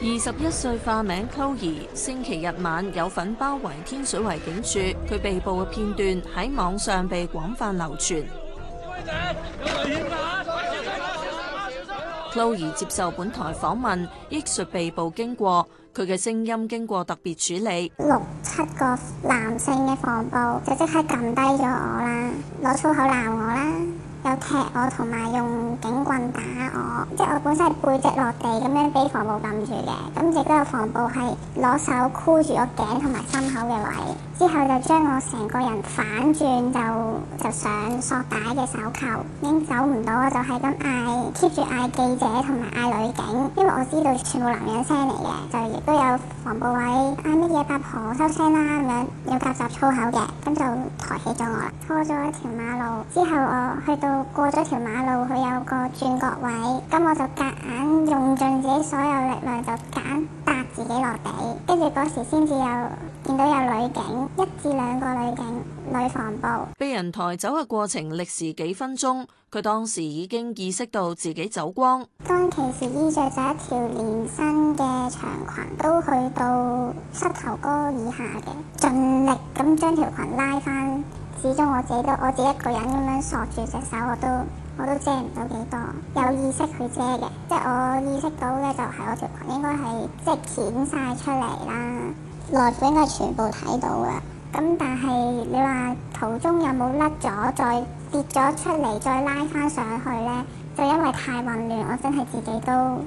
二十一歲化名 Koi，星期日晚有份包圍天水圍警署，佢被捕嘅片段喺網上被廣泛流傳。Koi 接受本台訪問，憶述被捕經過，佢嘅聲音經過特別處理。六七個男性嘅防暴就即刻撳低咗我啦，攞粗口鬧我啦。又踢我同埋用警棍打我，即係我本身係背脊落地咁樣俾防暴撳住嘅，咁亦都有防暴係攞手箍住個頸同埋心口嘅位，之後就將我成個人反轉就就上索帶嘅手銬，拎走唔到，我就係咁嗌，keep 住嗌記者同埋嗌女警，因為我知道全部男人聲嚟嘅，就亦都有防暴位嗌乜嘢八婆收聲啦、啊，咁樣有夾雜粗口嘅，咁就抬起咗我啦，拖咗一條馬路之後我去到。過咗條馬路，佢有個轉角位，咁我就夾硬用盡自己所有力量就夾硬搭自己落地，跟住嗰時先至有見到有女警，一至兩個女警，女防暴。被人抬走嘅過程歷時幾分鐘，佢當時已經意識到自己走光。當其時，衣着咗一條連身嘅長裙，都去到膝頭哥以下嘅，盡力咁將條裙拉翻。始終我自己都我自己一個人咁樣索住隻手，我都我都遮唔到幾多。有意識去遮嘅，即係我意識到咧，就係我條裙應該係即係顯曬出嚟啦，內褲應該全部睇到啦。咁但係你話途中有冇甩咗，再跌咗出嚟，再拉翻上去咧，就因為太混亂，我真係自己都。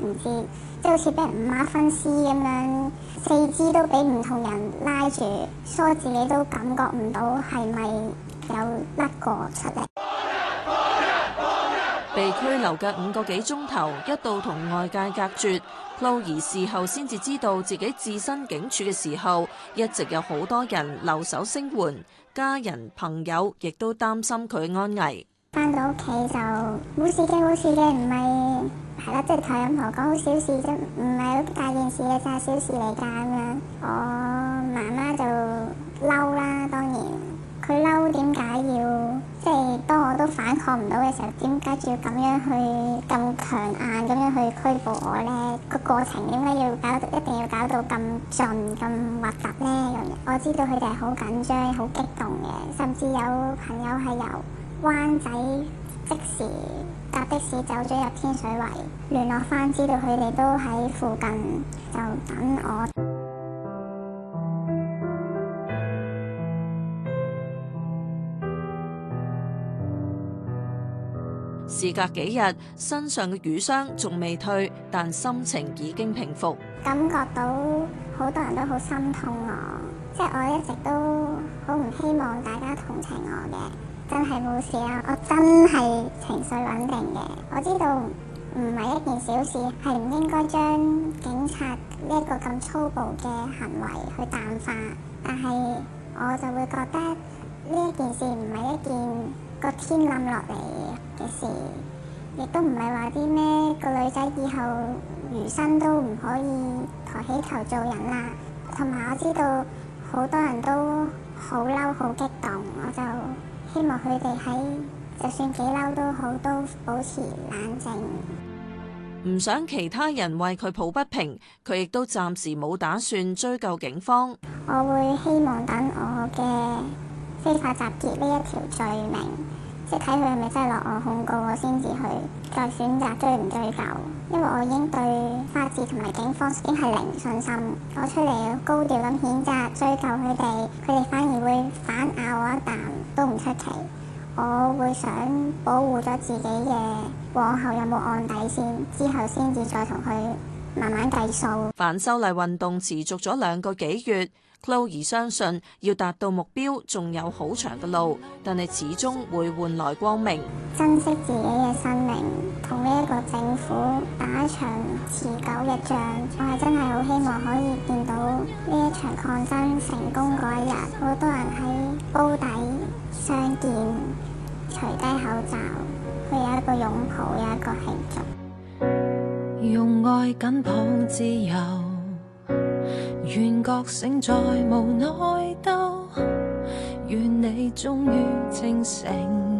唔知，即係好似俾人五馬分屍咁樣，四肢都俾唔同人拉住，梳自己都感覺唔到係咪有乜個實力。被拘留嘅五個幾鐘頭，一度同外界隔絕。Louie 事後先至知道自己置身警署嘅時候，一直有好多人留守聲援，家人朋友亦都擔心佢安危。翻到屋企就冇事嘅，冇事嘅，唔係係啦，即係頭枕婆講好小事啫，唔係好大件事嘅，就係小事嚟噶咁樣。我媽媽就嬲啦，當然佢嬲，點解要即係當我都反抗唔到嘅時候，點解要咁樣去咁強硬咁樣去拘捕我呢？個過程點解要搞，到一定要搞到咁盡咁核突呢？咁，我知道佢哋係好緊張、好激動嘅，甚至有朋友係有。灣仔即時搭的士走咗入天水圍，聯絡翻知道佢哋都喺附近，就等我。事隔幾日，身上嘅瘀傷仲未退，但心情已經平復。感覺到好多人都好心痛我，即係我一直都好唔希望大家同情我嘅。真係冇事啊！我真係情緒穩定嘅，我知道唔係一件小事，係唔應該將警察呢一個咁粗暴嘅行為去淡化。但係我就會覺得呢一件事唔係一件個天冧落嚟嘅事，亦都唔係話啲咩個女仔以後餘生都唔可以抬起頭做人啦。同埋我知道好多人都好嬲、好激動。希望佢哋喺就算幾嬲都好，都保持冷靜。唔想其他人為佢抱不平，佢亦都暫時冇打算追究警方。我會希望等我嘅非法集結呢一條罪名。即睇佢係咪真係落案控告，我先至去再選擇追唔追究。因為我已經對法治同埋警方已經係零信心，我出嚟高調咁譴責追究佢哋，佢哋反而會反咬我一啖都唔出奇。我會想保護咗自己嘅，往後有冇案底先，之後先至再同佢。慢慢計數。反修例運動持續咗兩個幾月，Chloe 相信要達到目標仲有好長嘅路，但係始終會換來光明。珍惜自己嘅生命，同呢一個政府打一場持久嘅仗，我係真係好希望可以見到呢一場抗爭成功嗰一日，好多人喺煲底相見，除低口罩，佢有一個擁抱，有一個慶祝。用愛緊抱自由，願覺醒再無內鬥，願你終於清醒。